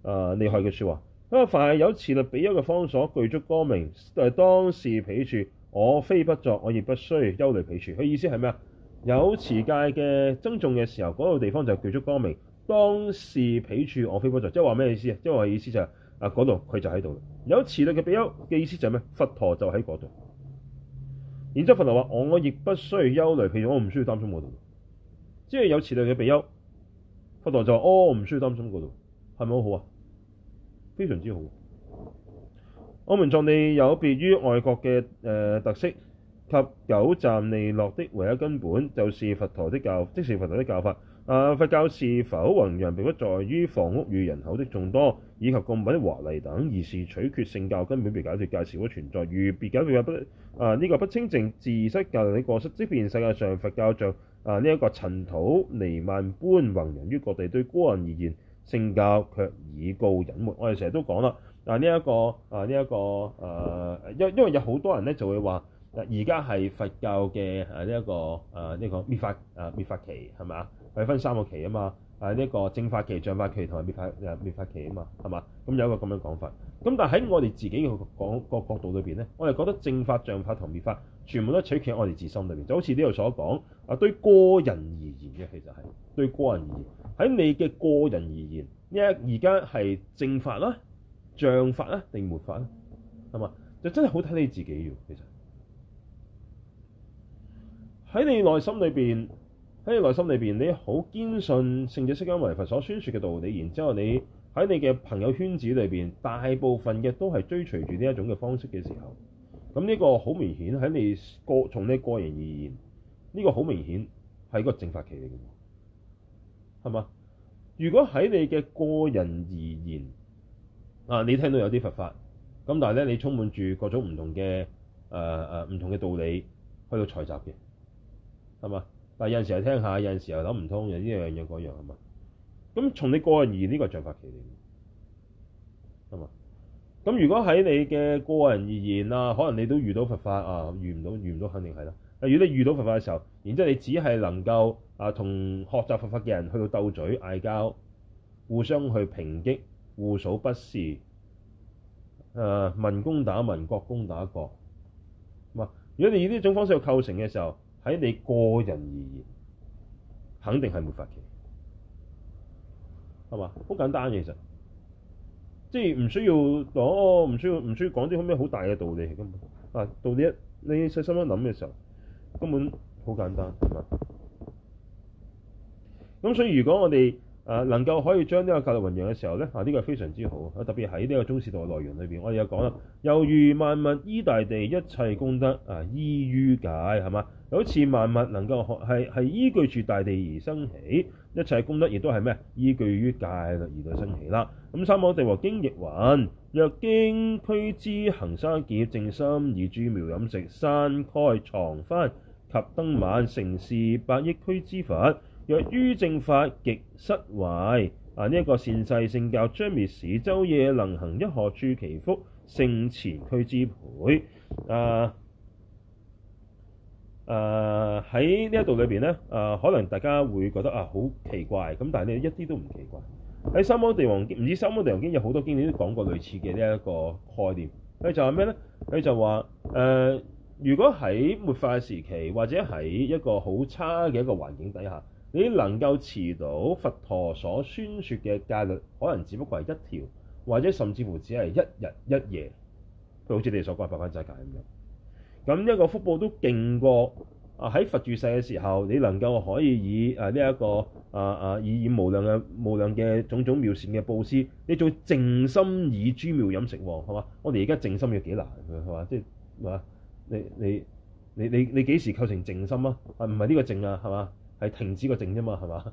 啊厲、呃、害嘅説話，啊凡係有持律比丘嘅方所具足光明，就係當視彼處我非不在，我亦不需憂慮彼處，佢意思係咩啊？有持戒嘅僧眾嘅時候，嗰個地方就具足光明。當視彼處我非不在，即係話咩意思啊？即係話意思就係啊嗰度佢就喺度啦。有持律嘅比丘嘅意思就係咩？佛陀就喺嗰度。然之後，佛陀話：我亦不需要憂慮，譬如我唔需要擔心嗰度，即係有持律嘅比丘。佛陀就話：哦，唔需要擔心嗰度，係咪好好啊？非常之好。我們藏地有別於外國嘅、呃、特色及久暫利樂的唯一根本，就是佛陀的教，即、就是佛陀的教法。啊！佛教是否弘揚，並不在於房屋與人口的眾多，以及供品的華麗等，而是取決聖教根本別解脫戒是否存在。如別解脫戒不啊，呢個不清淨，自失教理的過失。即便世界上佛教像啊呢一個塵土瀰漫般弘揚於各地，對個人而言，聖教卻已告隱沒。我哋成日都講啦，啊呢一個啊呢一個啊，因因為有好多人咧就會話，而家係佛教嘅啊呢一個啊呢個滅法啊滅法期係咪啊？係分三個期啊嘛，係呢個正法期、像法期同埋滅法誒滅法期啊嘛，係嘛？咁有一個咁樣講法，咁但係喺我哋自己個講個角度裏邊咧，我哋覺得正法、像法同滅法全部都取決喺我哋自心裏邊，就好似呢度所講啊，對個人而言嘅，其實係對個人而言，喺你嘅個人而言，一而家係正法啦、啊、像法啦定末法啦、啊，係嘛？就真係好睇你自己喎，其實喺你內心裏邊。喺你內心裏邊，你好堅信聖者釋迦牟尼佛所宣說嘅道理，然之後你喺你嘅朋友圈子裏邊，大部分嘅都係追隨住呢一種嘅方式嘅時候，咁呢個好明顯喺你個從你個人而言，呢個好明顯係一個正法期嚟嘅，係嘛？如果喺你嘅個人而言啊，你聽到有啲佛法咁，但係咧你充滿住各種唔同嘅誒誒唔同嘅道理去到財集嘅，係嘛？但有時候聽下，有時又諗唔通，有呢樣嘢嗰樣嘛？咁從你個人而言，呢、呢個像法期嚟嘛？咁如果喺你嘅個人而言啊，可能你都遇到佛法啊，遇唔到遇唔到肯定係啦、啊。如果你遇到佛法嘅時候，然之後你只係能夠啊，同學習佛法嘅人去到鬥嘴、嗌交、互相去抨擊、互數不是、誒、啊、民攻打民、國攻打國，咁啊，如果你以呢種方式去構成嘅時候，喺你個人而言，肯定係冇法嘅，係嘛？好簡單嘅其實，即係唔需，需要，哦，唔需要，唔需要講啲咩好大嘅道理，根本啊，道理一，你細心一諗嘅時候，根本好簡單，係嘛？咁所以如果我哋啊，能夠可以將呢個戒律運用嘅時候呢，啊，呢、這個非常之好，特別喺呢個中士道嘅內容裏邊，我哋又講啦，猶如萬物依大地，一切功德啊，依於戒係嘛？好似萬物能夠學係係依據住大地而生起，一切功德亦都係咩？依據於戒律而來生起啦。咁三摩地王經亦雲：若經俱胝恆沙劫，淨心，以諸妙飲食，傘蓋幢幡及燈曼，承事百億俱胝佛。若於正法極失壞啊！呢、這、一個善逝聖教將滅時，晝夜能行一學處，其福勝前俱胝倍啊啊！喺呢一度裏邊咧啊，可能大家會覺得啊好奇怪咁，但係咧一啲都唔奇怪。喺三摩地王經，唔知三摩地王經，有好多經典都講過類似嘅呢一個概念。佢就話咩呢？佢就話誒、啊，如果喺末法時期，或者喺一個好差嘅一個環境底下。你能夠持到佛陀所宣説嘅戒律，可能只不過係一條，或者甚至乎只係一日一夜，佢好似你哋所講嘅八關齋戒咁樣。咁一個福報都勁過啊！喺佛住世嘅時候，你能夠可以以誒呢一個啊啊以無量嘅無量嘅種種妙善嘅布施，你做淨心以諸妙飲食喎，係嘛？我哋而家淨心要幾難㗎？係嘛？即係係嘛？你你你你你幾時構成淨心啊？啊，唔係呢個靜啊，係嘛？係停止個靜啫嘛，係嘛？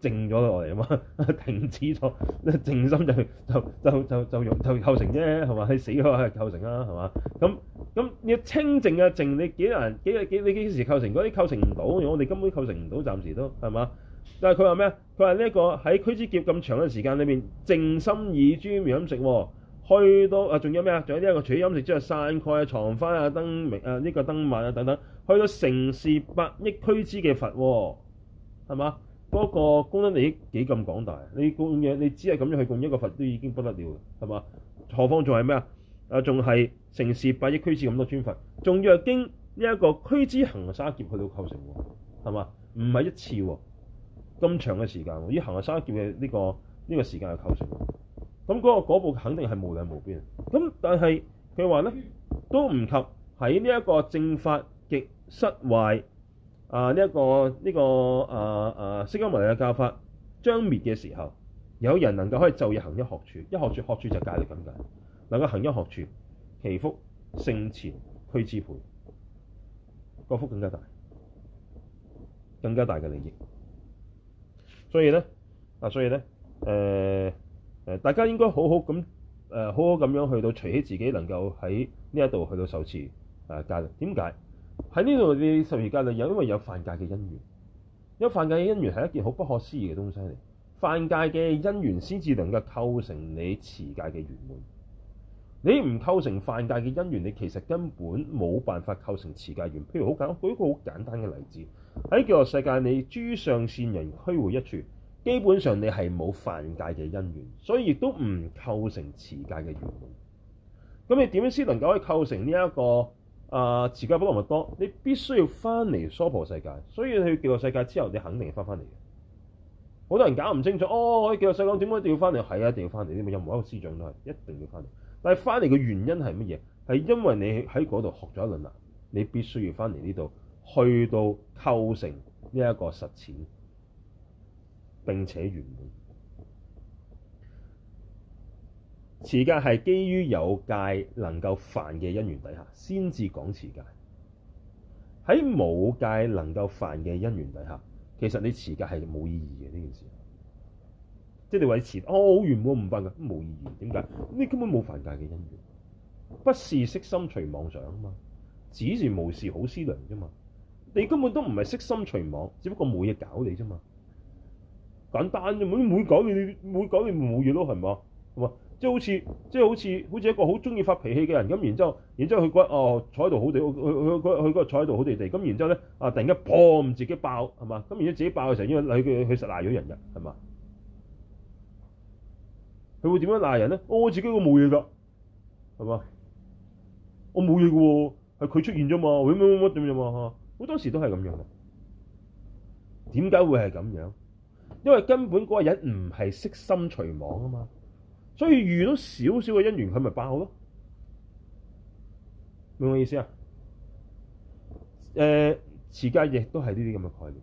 靜咗落嚟啊嘛，停止咗，呢靜心就就就就就用就構成啫，係嘛？係死咗係構成啊，係嘛？咁咁要清靜嘅靜，你幾難你幾，你，幾你幾時構成？嗰啲構成唔到，我哋根本構成唔到，暫時都係嘛？但係佢話咩啊？佢話呢一個喺《俱胝劫》咁長嘅時間裏面，靜心以諸妙飲食喎、啊。去到啊，仲有咩啊？仲有呢一個除飲食之外，傘蓋啊、幢幡啊、燈明啊、呢、這個燈曼啊等等，去到承事百億俱胝嘅佛、啊，係嘛？嗰、那個功德利益幾咁廣大？你供嘢，你只係咁樣去供一個佛都已經不得了係嘛？何況仲係咩啊？啊，仲係承事百億俱胝咁多尊佛，仲要係經呢一個俱胝恆沙劫去到構成、啊，係嘛？唔係一次喎、啊，咁長嘅時間喎、啊，以恆沙劫嘅呢、這個呢、這個時間去構成、啊。咁嗰個嗰部肯定係無量無邊。咁但係佢話咧，都唔及喺呢一個正法極失壞啊！呢、這、一個呢、這個啊啊釋迦牟尼嘅教法將滅嘅時候，有人能夠可以晝夜行一學處，一學處學處就戒力咁解。能夠行一學處，其福勝前俱胝倍，個福更加大，更加大嘅利益。所以咧啊，所以咧誒。呃誒，大家應該好好咁誒、呃，好好咁樣去到，除起自己能夠喺呢一度去到受持誒戒律。點解喺呢度你受持戒律？有因為有犯戒嘅因緣，因為犯戒嘅因緣係一件好不可思議嘅東西嚟。犯戒嘅因緣先至能夠構成你持戒嘅圓滿。你唔構成犯戒嘅因緣，你其實根本冇辦法構成持戒圓。譬如好簡單舉一個好簡單嘅例子，喺極樂世界，你諸上善人俱會一處。基本上你係冇犯戒嘅因緣，所以亦都唔構成持戒嘅緣故。咁你點樣先能夠可以構成呢、這、一個啊持、呃、戒波羅蜜多？你必須要翻嚟娑婆世界。所以去極樂世界之後，你肯定要翻翻嚟嘅。好多人搞唔清楚，哦，極樂世界點解一定要翻嚟？係啊，一定要翻嚟。任何一個師長都係一定要翻嚟。但係翻嚟嘅原因係乜嘢？係因為你喺嗰度學咗一輪啦，你必須要翻嚟呢度，去到構成呢一個實踐。並且圓滿，持戒係基於有戒能夠犯嘅因緣底下先至講持戒。喺冇戒能夠犯嘅因緣底下，其實你持戒係冇意義嘅呢件事。即係你為持，我好圓滿唔犯嘅，冇意義。點解？你根本冇犯戒嘅因緣，不是悉心隨妄想啊嘛，只是無事好思量啫嘛。你根本都唔係悉心隨妄，只不過冇嘢搞你啫嘛。簡單啫，唔會講你，唔會講你冇嘢咯，係嘛？係嘛？即係好似，即係好似，好似一個好中意發脾氣嘅人咁，然之後，然之後佢講：哦，坐喺度好地，佢佢佢佢嗰個坐喺度好地地咁，然之後咧，啊突然間砰，自己爆係嘛？咁然之後自己爆嘅時候，因為佢佢佢實賴咗人噶，係嘛？佢會點樣賴人咧、哦？我自己我冇嘢噶，係嘛？我冇嘢嘅喎，係佢、哦、出現啫嘛，乜乜乜點樣嘛，好多時都係咁樣。點解會係咁樣？因為根本嗰個人唔係悉心除網啊嘛，所以遇到少少嘅因緣佢咪爆咯。明唔明意思啊？誒、呃，持戒亦都係呢啲咁嘅概念，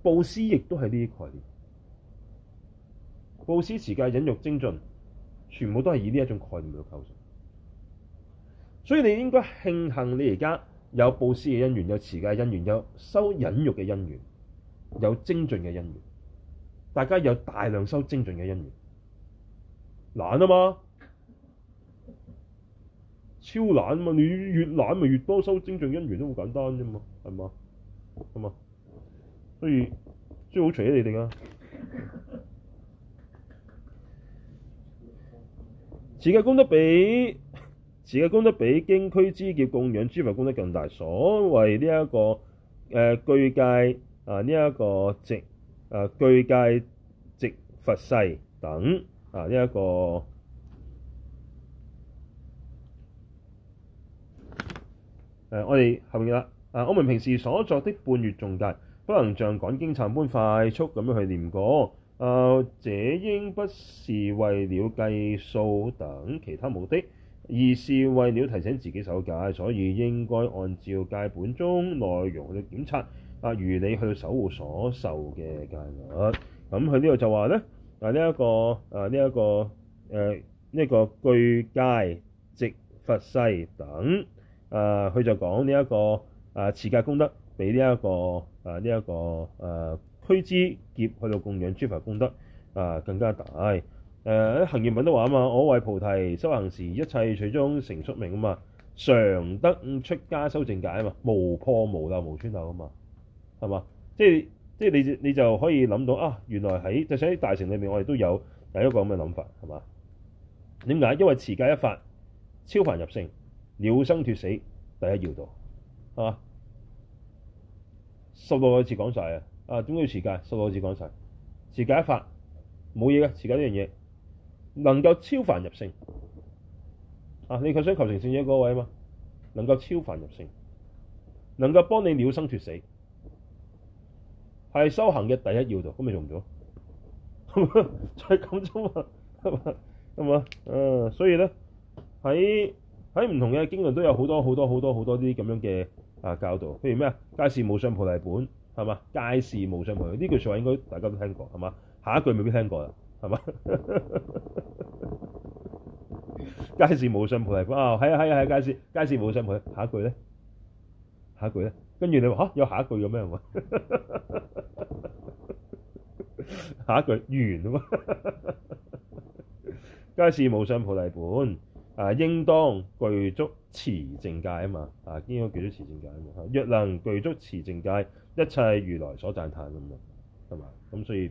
布施亦都係呢啲概念，布施持戒、忍辱、精進，全部都係以呢一種概念去構成。所以你應該慶幸你而家有布施嘅因緣，有持戒嘅因緣，有修忍辱嘅因緣，有精進嘅因緣。大家有大量收精進嘅姻緣，懶啊嘛，超懶啊嘛，你越懶咪越多收精進姻緣，都好簡單啫嘛，係嘛，係嘛，所以最好除咗你哋啊，持戒功德比持戒功德比經俱胝劫供養諸佛功德更大。所謂呢、這、一個誒具、呃、戒，啊呢一個值。誒具戒值佛世等啊，呢、啊、一個誒、啊、我哋後邊啦。誒、啊、我們平時所作的半月誦戒，不能像趕經懺般快速咁樣去念過。誒、啊、這應不是為了計數等其他目的，而是為了提醒自己守戒，所以應該按照戒本中內容去檢查。啊！如你去到守護所受嘅戒律，咁佢呢度就話咧，啊呢一、這個啊呢一、這個誒呢一個具佳值佛西等啊，佢就講呢一個啊持戒功德比呢、這、一個啊呢一、這個啊俱胝劫去到供養諸佛功德啊更加大誒、啊。行願品都話啊嘛，我為菩提修行時一切趣中成宿命啊嘛，常得出家修淨戒啊嘛，無破無漏無穿漏啊嘛。係嘛？即係即係，你你就可以諗到啊！原來喺就算、是、喺大城裏面，我哋都有第一個咁嘅諗法，係嘛？點解？因為持戒一法超凡入聖、了生脫死，第一要道，係嘛？十六個字講晒，啊！啊，點解要持戒，十六個字講晒，持戒一法冇嘢嘅持戒呢樣嘢能夠超凡入聖啊！你佢想求成聖者嗰位啊嘛，能夠超凡入聖，能夠幫你了生脫死。係修行嘅第一要道，咁你做唔做？係咁做啊？係嘛，嗯？啊，所以咧，喺喺唔同嘅經論都有好多好多好多好多啲咁樣嘅啊教導，譬如咩啊？戒是無上菩提本，係嘛？戒是無上菩提，呢句說話應該大家都聽過，係嘛？下一句未必聽過啦，係嘛、 哦啊啊啊？戒是無上菩提本啊！係啊係啊係！戒是戒是無上菩提，下一句咧？下一句咧？跟住你話嚇，有下一句咁咩？ 下一句完。啊 嘛！皆是無上菩提本啊，應當具足持淨戒啊嘛。啊，應該具足持淨戒啊嘛。若能具足持淨戒，一切如來所讚歎啊嘛，係嘛？咁所以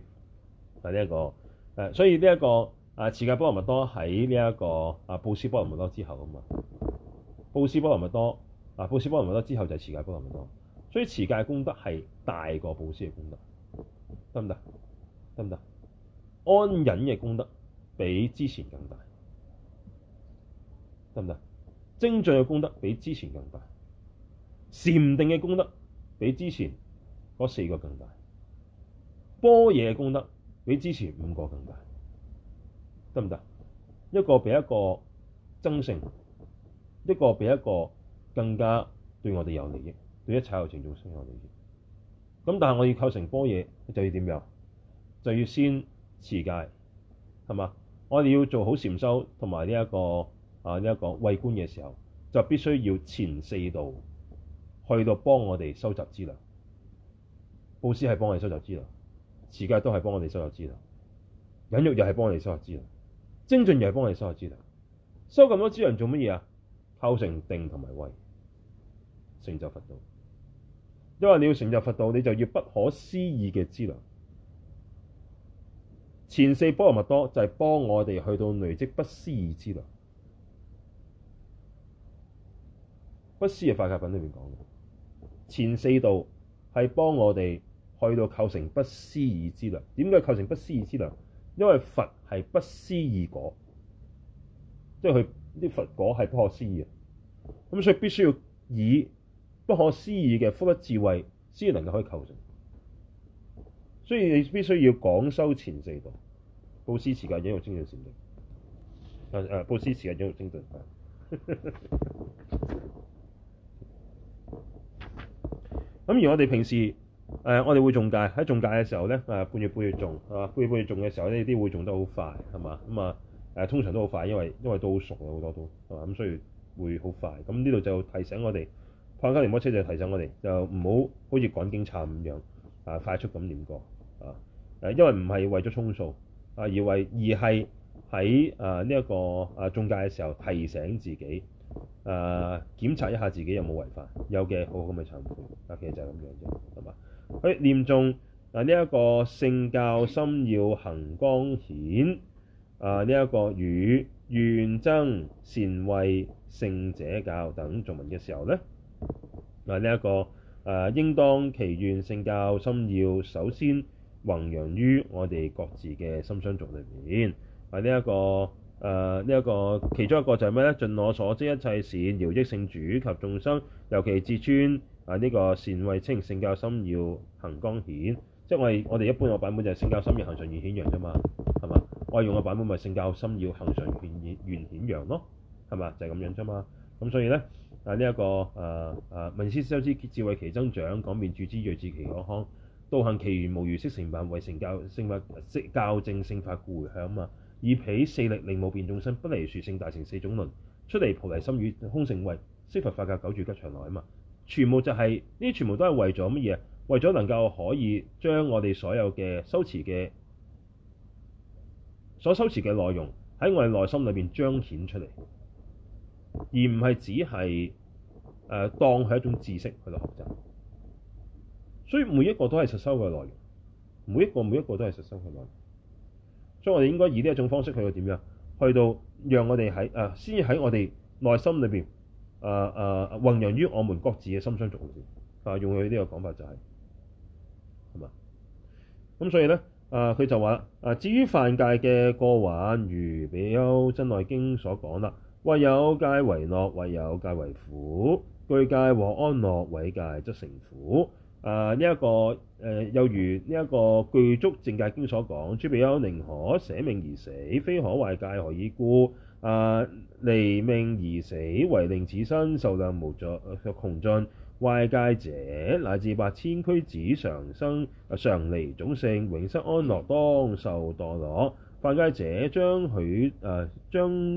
係呢一個誒、啊，所以呢、這、一個啊，持戒波羅蜜多喺呢一個啊，布施波羅蜜多之後啊嘛。布施波羅蜜多啊，布施波羅蜜多之後就係持戒波羅蜜多。所以持戒嘅功德係大過布施嘅功德，得唔得？得唔得？安忍嘅功德比之前更大，得唔得？精進嘅功德比之前更大，禪定嘅功德比之前嗰四個更大，般若嘅功德比之前五個更大，得唔得？一個比一個增盛，一個比一個更加對我哋有利益。對一切有情眾生，我哋咁，但係我要構成般若，就要點樣？就要先持戒，係嘛？我哋要做好禪修同埋呢一個啊呢一個慧觀嘅時候，就必須要前四度去到幫我哋收集資糧，布施係幫我哋收集資糧，持戒都係幫我哋收集資糧，忍辱又係幫我哋收集資糧，精進又係幫我哋收集資糧。收咁多資糧做乜嘢啊？構成定同埋慧，成就佛道。因為你要成就佛道，你就要不可思議嘅資糧。前四波羅蜜多就係幫我哋去到累積不思議資糧。不思議法界品裏面講嘅，前四度係幫我哋去到構成不思議資糧。點解構成不思議資糧？因為佛係不思議果，即係佢啲佛果係不可思議嘅，咁所以必須要以。不可思議嘅，福德智慧先能夠可以構成。所以你必須要講修前四度，布施持戒忍辱精進，誒、啊、誒、啊，布施持戒忍辱精進。咁 而我哋平時誒、啊，我哋會誦戒喺誦戒嘅時候咧，誒、啊，半月半月誦係嘛，半月半月誦嘅時候呢啲會誦得好快係嘛，咁，啊，誒、啊、啊，通常都好快，因為因為都好熟啊，好多都係嘛咁，所以會好快。咁呢度就提醒我哋。況家電摩車就提醒我哋，就唔好好似趕經懺咁樣啊，快速咁念過啊，誒，因為唔係為咗充數啊，而為而係喺誒呢一個誒誦戒嘅時候提醒自己誒、啊，檢查一下自己有冇違犯，有嘅好好咪懺悔，啊，其實就係、是、咁樣啫，係嘛？去念誦誒呢一個聖教心要恆光顯啊，呢、這、一個與願增善慧勝者教等頌文嘅時候咧。啊！呢、這、一個誒、啊，應當祈願聖教心要首先弘揚於我哋各自嘅心相續裏面。啊！呢、這、一個誒，呢、啊、一、這個其中一個就係咩咧？盡我所知，一切善饒益聖主及眾生，尤其至尊啊！呢、這個善慧清聖教心要恆光顯。即係我哋我哋一般個版本就係聖教心要恆常願顯揚啫嘛，係嘛？我用嘅版本咪聖教心要恆常願願顯揚咯，係嘛？就係、是、咁樣啫嘛。咁所以咧。這個、啊！呢一個誒誒，文殊修之智慧其增長，講遍諸之睿智其安康。道行其圓無餘色成辦，為成教聖法色教正聖法故迴向嘛。以彼四力令無邊眾生不離殊勝大乘四種輪，出離菩提心與空性慧，釋佛法教久住吉祥來嘛。全部就係呢啲，這全部都係為咗乜嘢？為咗能夠可以將我哋所有嘅修持嘅所修持嘅內容喺我哋內心裏邊彰顯出嚟。而唔係只係誒、啊、當係一種知識去到學習，所以每一個都係實修嘅內容，每一個每一個都係實修嘅內容，所以我哋應該以呢一種方式去到點樣，去到讓我哋喺誒先喺我哋內心裏邊誒誒弘揚於我們各自嘅心相續裏邊，啊用佢呢個講法就係係嘛，咁所以咧誒佢就話誒、啊、至於犯戒嘅過患，如比《比丘珍愛經》所講啦。或有戒為樂，或有戒為苦，具戒獲安樂，毀戒則成苦。啊！呢、這、一個誒、呃，又如呢一、這個《具足淨戒經》所講：，諸比丘寧可捨命而死，非可壞戒何以故？啊！離命而死，為令此身壽量無盡窮,、呃、窮盡壞戒者，乃至八千俱胝常生常離種姓，永失安樂，當受墮落。犯戒者將許誒、啊、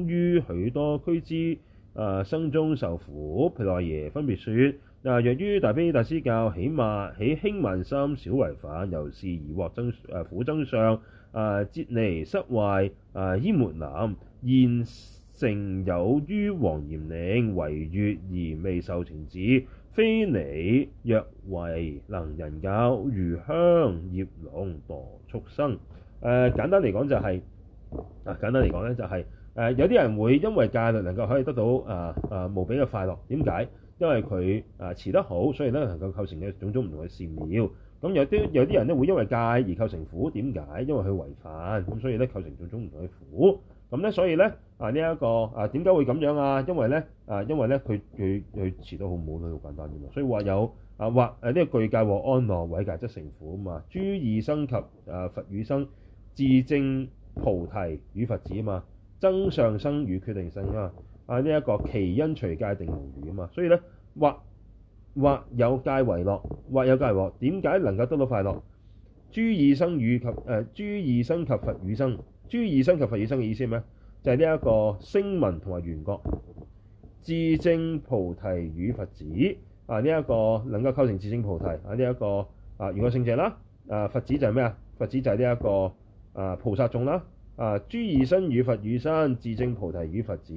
於許多俱胝、啊、生中受苦。毘奈耶分別說嗱、啊，若於大悲大師教，起碼起輕慢心、少違犯，由是而獲增苦、啊、增上，誒拆籬失壞誒庵沒林。現成有於王嚴令，違越而未受治罰，非理若違能仁教，如香葉龍墮畜生。誒、呃、簡單嚟講就係、是、啊簡單嚟講咧就係、是、誒、呃、有啲人會因為戒律能夠可以得到啊啊、呃呃、無比嘅快樂，點解？因為佢啊持得好，所以咧能夠構成嘅種種唔同嘅善妙。咁有啲有啲人咧會因為戒而構成苦，點解？因為佢違反，咁所以咧構成種種唔同嘅苦。咁咧所以咧啊呢一、這個啊點解會咁樣啊？因為咧啊因為咧佢佢佢持得好唔好咧好簡單啫嘛。所以有、啊、話有啊或誒呢個具戒獲安樂，毀戒則成苦啊嘛。諸二生及誒、啊、佛與生。自證菩提與佛子啊嘛，增上生與決定勝啊嘛啊呢一、這個其因隨界定無餘啊嘛，所以咧或或有戒為樂，或有戒禍。點解能夠得到快樂？諸意生與及誒諸、呃、意生及佛與生，諸意生及佛與生嘅意思係咩？就係呢一個聲聞同埋圓覺自證菩提與佛子啊呢一、這個能夠構成自證菩提啊呢一、這個原啊圓覺聖者啦啊佛子就係咩啊？佛子就係呢一個。啊！菩薩眾啦，啊！諸二生與佛與生自證菩提與佛子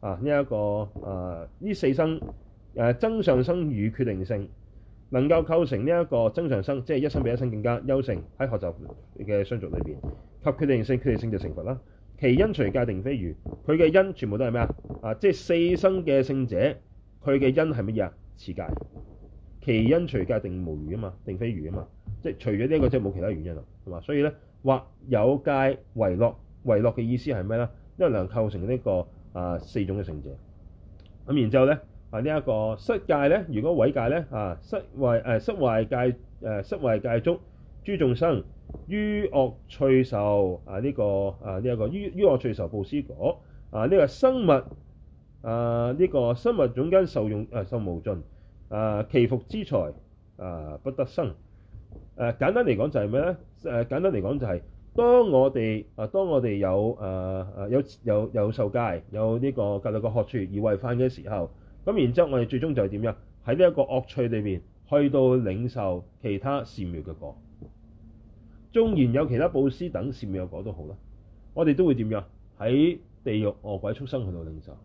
啊，呢一個啊，呢四生誒增上生與決定性能夠構成呢一個增上生，即係一生比一生更加優勝喺學習嘅相續裏邊，及決定性決定性就成佛啦。其因隨界定非如隨戒定非餘佢嘅因全部都係咩啊？啊，即係四生嘅聖者，佢嘅因係乜嘢啊？持界持戒其因隨界定隨戒定無餘啊嘛，定非餘啊嘛，即係除咗呢一個，即係冇其他原因啦。係嘛，所以咧。或有戒為樂，為樂嘅意思係咩咧？因為能構成呢、這個啊四種嘅聖者。咁、啊、然之後咧啊呢一、這個失戒咧，如果毀戒咧啊失壞誒、啊、失壞戒誒、啊、失壞戒足，諸眾生於惡趣受啊呢、這個啊呢一、這個於於惡趣受布施果啊呢、這個生物啊呢、這個生物總經受用啊受無盡啊其福之財，啊不得生。誒、啊、簡單嚟講就係咩咧？誒、啊、簡單嚟講就係、是、當我哋啊，當我哋有誒誒、啊、有有有受佳受戒有呢、這個格律嘅學處而違犯嘅時候，咁然之後我哋最終就係點樣？喺呢一個惡趣裏面去到領受其他善妙嘅果。縱然有其他布施等善妙嘅果都好啦，我哋都會點樣？喺地獄餓鬼畜生去到領受。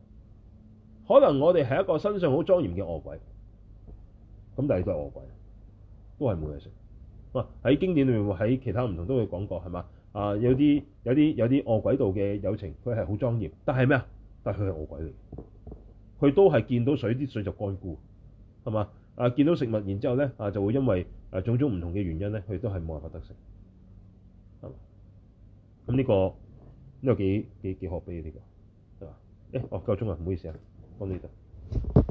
可能我哋係一個身上好莊嚴嘅餓鬼，咁但係都係餓鬼，都係冇嘢食。哇！喺、啊、經典裏面，喺其他唔同都會講過，係嘛？啊，有啲有啲有啲惡鬼道嘅友情，佢係好莊嚴，但係咩啊？但係佢係惡鬼嚟，佢都係見到水啲水就乾枯，係嘛？啊，見到食物，然之後咧啊，就會因為啊種種唔同嘅原因咧，佢都係冇辦法得食。咁咁呢個呢個幾幾幾可悲嘅呢個？係嘛？誒、這個，哦，夠鍾啊！唔好意思啊，講呢度。